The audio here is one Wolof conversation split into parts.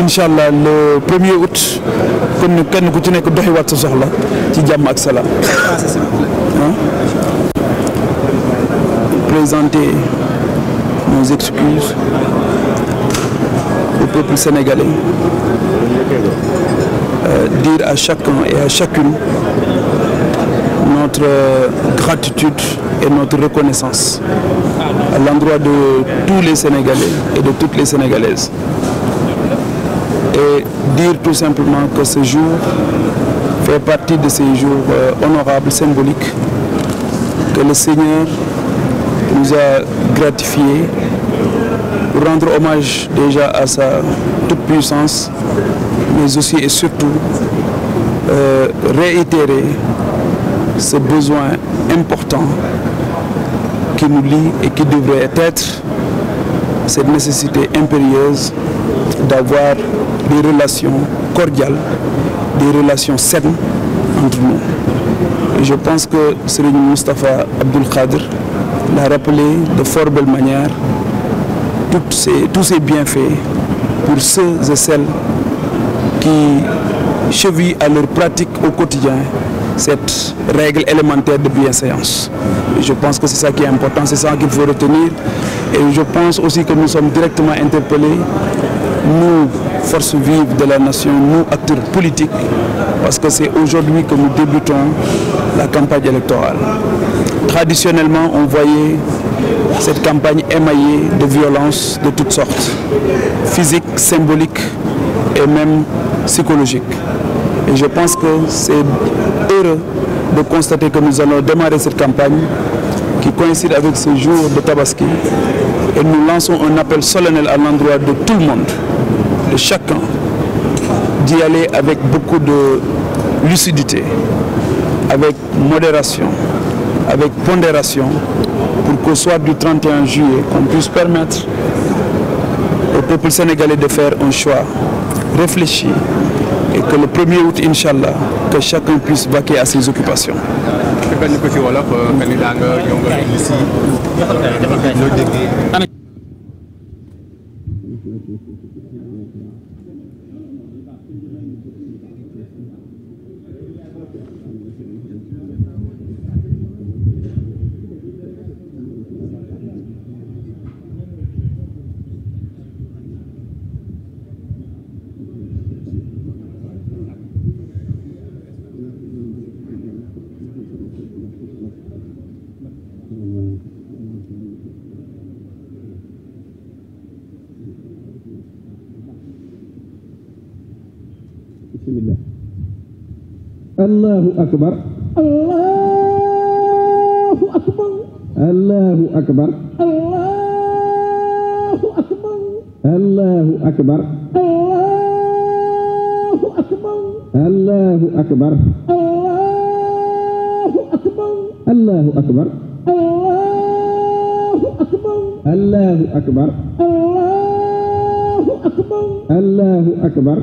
incha allah le premier août kon ñu kenn ku ci nekk doxiwaat sa soxla ci jàmm ak salaam. présenter nos excuses au peuple sénégalais euh, dire à chacun et à chacune notre gratitude et notre reconnaissance à l'endroit de tous les Sénégalais et de toutes les Sénégalaises. et dire tout simplement que ce jour fait partie de ces jours euh, honorables, symboliques, que le Seigneur nous a gratifiés pour rendre hommage déjà à sa toute puissance, mais aussi et surtout euh, réitérer ce besoin important qui nous lie et qui devrait être cette nécessité impérieuse d'avoir des relations cordiales, des relations saines entre nous. Et je pense que Serigne Moustapha Abdul Khadr l'a rappelé de fort belle manière toutes ces, tous ces bienfaits pour ceux et celles qui chevillent à leur pratique au quotidien cette règle élémentaire de bienséance. Et je pense que c'est ça qui est important, c'est ça qu'il faut retenir. Et je pense aussi que nous sommes directement interpellés, nous, force vive de la nation, nous acteurs politiques, parce que c'est aujourd'hui que nous débutons la campagne électorale. Traditionnellement, on voyait cette campagne émaillée de violences de toutes sortes, physiques, symboliques et même psychologiques. Et je pense que c'est heureux de constater que nous allons démarrer cette campagne qui coïncide avec ce jour de Tabaski et nous lançons un appel solennel à l'endroit de tout le monde de chacun d'y aller avec beaucoup de lucidité, avec modération, avec pondération, pour qu'au soir du 31 juillet, qu'on puisse permettre au peuple sénégalais de faire un choix réfléchi et que le 1er août, Inch'Allah, que chacun puisse vaquer à ses occupations. bismillah allahu akbar allahu akbar allahu akbar allahu akbar allahu akbar allahu akbar allahu akbar allahu akbar allahu akbar allahu akbar allahu akbar allahu akbar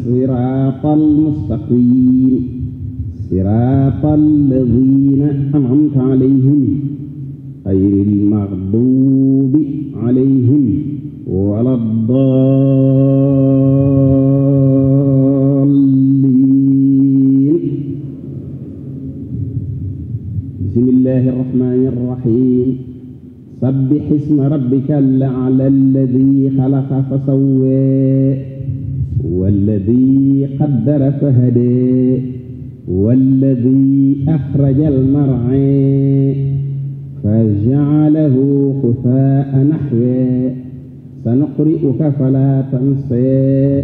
الصراط المستقيم صراط الذين أنعمت عليهم غير المغضوب عليهم ولا الضالين بسم الله الرحمن الرحيم سبح اسم ربك الأعلى الذي خلق فسوى والذي قدر فهدي والذي أخرج المرعي فجعله قفاء نحوه سنقرئك فلا تنسى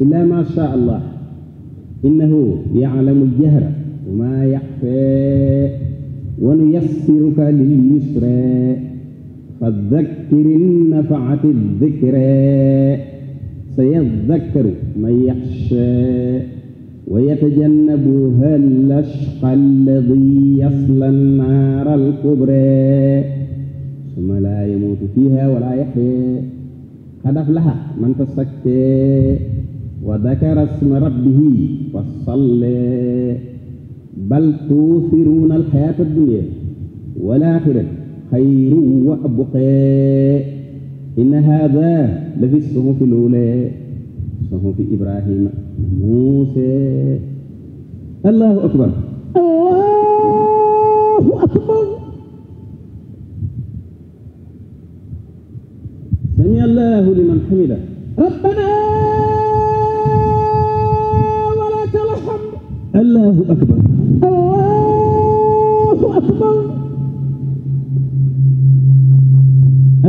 إلا ما شاء الله إنه يعلم الجهر وما يخفى ونيسرك لليسرى فذكر النفعة الذكرى سيذكر من يخشى ويتجنبها الأشقى الذي يصلى النار الكبرى ثم لا يموت فيها ولا يحيى قد أفلح من تزكى وذكر اسم ربه فصلى بل توثرون الحياة الدنيا والآخرة خير وأبقى inna hada la fi suhufi luulee suhufi ibrahima muuse allahu akbar allahu akbar sami allahu liman hamida rabbana walaka alhamd allahu akbar allahu akbar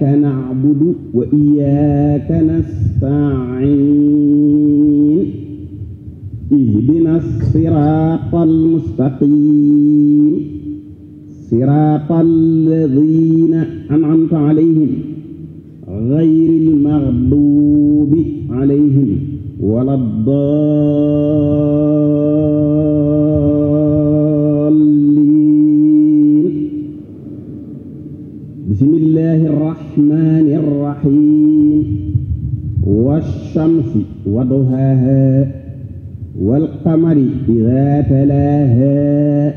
iyyaka na'budu wa iyyaka nasta'in ihdina siratal mustaqim siratal ladina an'amta alayhim ghayril maghdubi alayhim waladdallin بسم الله الرحمن الرحيم والشمس وضهاها والقمر إذا تلاها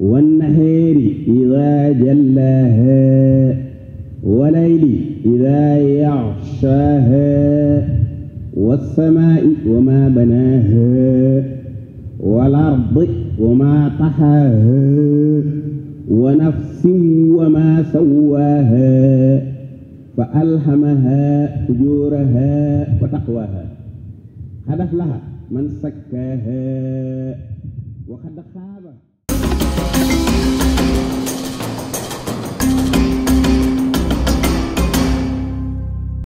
والنهار إذا جلاها وليل إذا يغشاها والسماء وما بناها والأرض وما طحاها ونفس وما سواها فألهمها فجورها وتقواها قد أفلح من زكاها وقد خاب